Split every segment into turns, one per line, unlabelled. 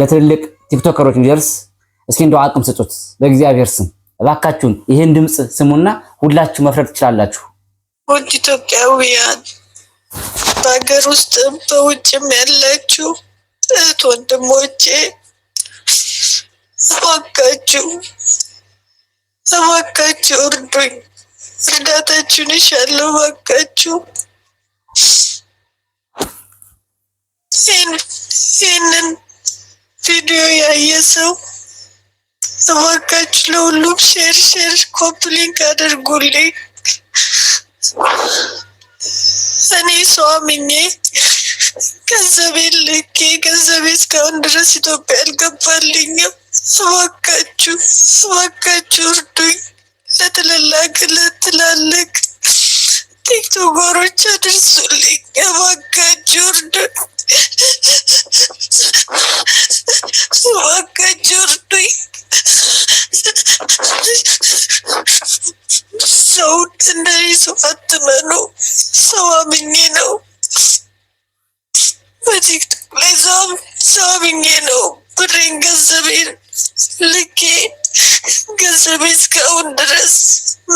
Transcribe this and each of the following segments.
ለትልልቅ ቲክቶከሮች እንዲደርስ እስኪ እንደው አቅም ስጡት። በእግዚአብሔር ስም እባካችሁን ይህን ድምፅ ስሙና ሁላችሁ መፍረድ ትችላላችሁ።
ውድ ኢትዮጵያውያን በሀገር ውስጥ በውጭም ያላችሁ እህት ወንድሞቼ እባካችሁ እባካችሁ እርዱኝ፣ እርዳታችሁን ይሻለሁ። እባካችሁ ይህንን ቪዲዮ ያየ ሰው እባካችሁ ለሁሉም ሼር ሼር ኮፕሊንግ አድርጉልኝ። እኔ ሰው አምኜ ገንዘቤን ልኬ ገንዘቤ እስካሁን ድረስ ኢትዮጵያ አልገባልኝም። እባካችሁ እባካችሁ እርዱኝ። ለትልላቅ ለትላልቅ ቲክቶከሮች አድርሱልኝ። እባካችሁ እርዱኝ።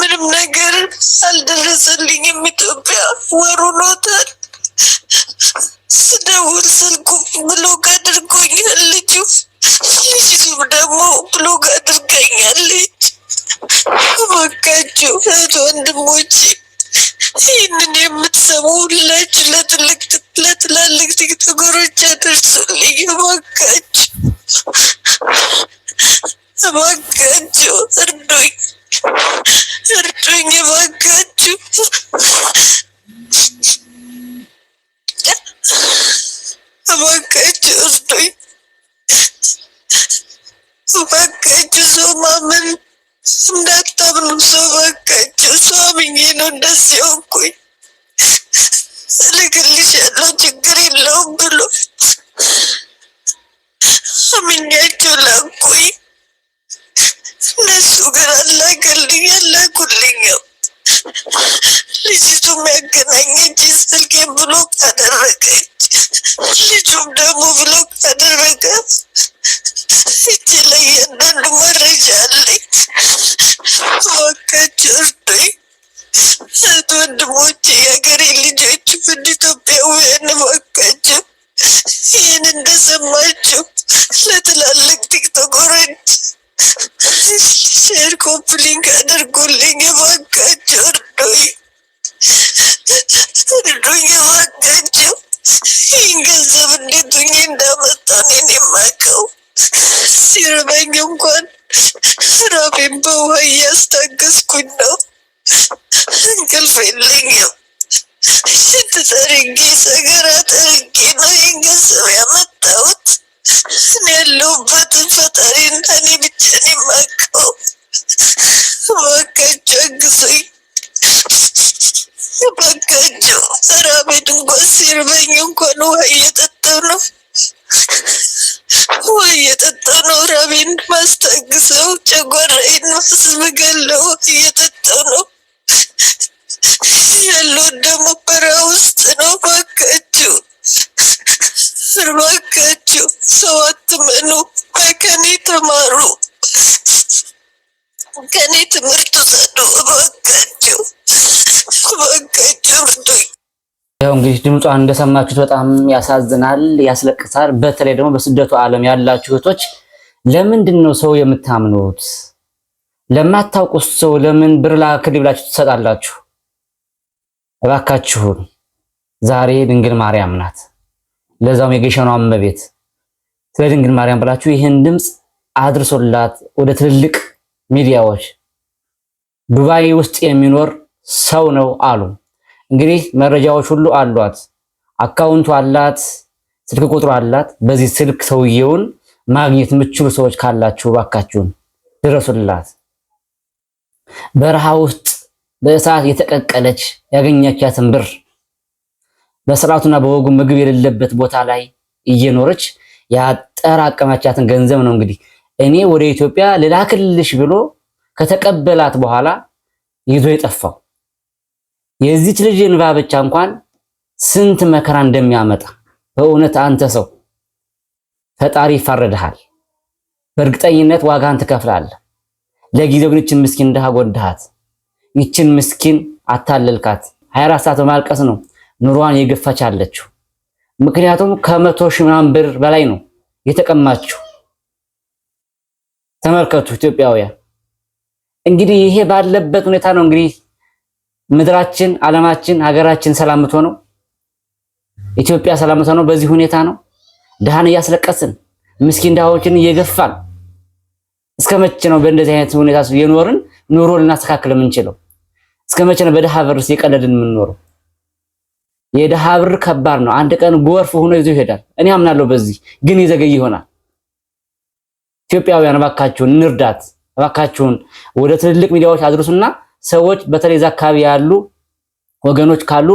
ምንም ነገር አልደረሰልኝም። ኢትዮጵያ ወሩ ኖታል። ስደውል ስልኩ ብሎክ አድርጎኛል። ልጁ ልጅቱም ደግሞ ብሎክ አድርገኛለች። እባካችሁ እህት ወንድሞች፣ ይህንን የምትሰሙ ሁላችሁ ለትልቅ ለትላልቅ ቲክቶከሮች አደርሱልኝ። እባካችሁ እባካችሁ እባክህ እርዱኝ፣ እባክህ ሰው ማመን እንዳታምኑ ሰው እባክህ ሰው አምኜ ነው እንደዚህ ሆንኩኝ። እልክልሻለሁ ችግር የለውም ብሎ አምኛቸው ላኩኝ። እነሱ ግን አደረገች። ስልኬ ብሎክ አደረገች። ልጁም ደግሞ ብሎክ አደረገ። እጅ ላይ እያንዳንዱ መረጃ አለኝ። ዋካች እርዱኝ። እህት ወንድሞቼ፣ የሀገሬ ልጆች፣ ውድ ኢትዮጵያውያን ዋካችሁ ይህን እንደሰማችሁ ለትላልቅ ቲክቶከሮች ሼር ኮፕሊንግ አድርጉልኝ። የባካችሁ እርዱኝ። እያስታገስኩኝ ነው። እንቅልፍ የለኝም። ሽንት ጠርጌ ሰገራ ጠርጌ ነው ይንገሰብ ያመጣሁት። እኔ ያለሁበትን ፈጣሪ እና እኔ ብቻ ነው የማውቀው። እባካችሁ አግዙኝ። እባካችሁ ተራቤ ድንኳን ሲርበኝ እንኳን ውሃ እየጠ ሳግሰው ጨጓራዬን ነፍስ ምገለው እየጠጣሁ ነው ያለውን ደግሞ በረሃ ውስጥ ነው። እባካችሁ እባካችሁ ሰው አትመኑ፣ ከኔ ተማሩ፣ ከኔ ትምህርት ውሰዱ። እባካችሁ እባካችሁ ብዱኝ።
ያው እንግዲህ ድምጿን እንደሰማችሁት በጣም ያሳዝናል፣ ያስለቅሳል። በተለይ ደግሞ በስደቱ ዓለም ያላችሁ እህቶች ለምንድን ነው ሰው የምታምኑት? ለማታውቁት ሰው ለምን ብር ላክልኝ ብላችሁ ትሰጣላችሁ? እባካችሁን ዛሬ ድንግል ማርያም ናት፣ ለዛውም የግሸኗ እመቤት። ስለ ድንግል ማርያም ብላችሁ ይህን ድምፅ አድርሶላት ወደ ትልልቅ ሚዲያዎች። ዱባይ ውስጥ የሚኖር ሰው ነው አሉ። እንግዲህ መረጃዎች ሁሉ አሏት፣ አካውንቱ አላት፣ ስልክ ቁጥሩ አላት። በዚህ ስልክ ሰውየውን ማግኘት የምትችሉ ሰዎች ካላችሁ ባካችሁን ድረሱላት። በረሃ ውስጥ በእሳት የተቀቀለች ያገኛቻትን ብር በስርዓቱና በወጉ ምግብ የሌለበት ቦታ ላይ እየኖረች ያጠራቀመቻትን ገንዘብ ነው እንግዲህ እኔ ወደ ኢትዮጵያ ልላክልሽ ብሎ ከተቀበላት በኋላ ይዞ የጠፋው። የዚች ልጅ እንባ ብቻ እንኳን ስንት መከራ እንደሚያመጣ በእውነት አንተ ሰው ፈጣሪ ይፋረድሃል። በእርግጠኝነት ዋጋን ትከፍላለህ። ለጊዜው ግን ይችን ምስኪን ድሃ ጎድሃት፣ ይችን ምስኪን አታለልካት። 24 ሰዓት በማልቀስ ነው ኑሯን የገፋች አለችው። ምክንያቱም ከመቶ ሺህ ምናምን ብር በላይ ነው የተቀማችው። ተመልከቱ ኢትዮጵያውያን፣ እንግዲህ ይሄ ባለበት ሁኔታ ነው እንግዲህ ምድራችን፣ ዓለማችን፣ ሀገራችን ሰላምቶ ነው ኢትዮጵያ ሰላምቶ ነው በዚህ ሁኔታ ነው። ድሃን እያስለቀስን ምስኪን ድሃዎችን እየገፋን እስከ መቼ ነው በእንደዚህ አይነት ሁኔታ የኖርን ኑሮ ልናስተካክል የምንችለው? እስከ መቼ ነው በድሃ ብር የቀለድን የምንኖረው? የድሃ ብር ከባድ ነው። አንድ ቀን ጎርፍ ሆኖ ይዞ ይሄዳል። እኔ አምናለሁ በዚህ ግን ይዘገይ ይሆናል። ኢትዮጵያውያን እባካችሁን እንርዳት፣ እባካችሁን ወደ ትልልቅ ሚዲያዎች አድርሱና ሰዎች በተለይ እዛ አካባቢ ያሉ ወገኖች ካሉ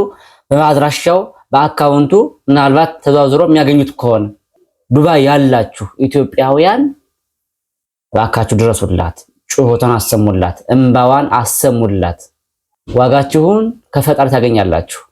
በማድራሻው በአካውንቱ ምናልባት ተዘዋዝሮ የሚያገኙት ከሆነ ዱባይ ያላችሁ ኢትዮጵያውያን በአካችሁ ድረሱላት፣ ጩኸቷን አሰሙላት፣ እምባዋን አሰሙላት። ዋጋችሁን ከፈጣሪ ታገኛላችሁ።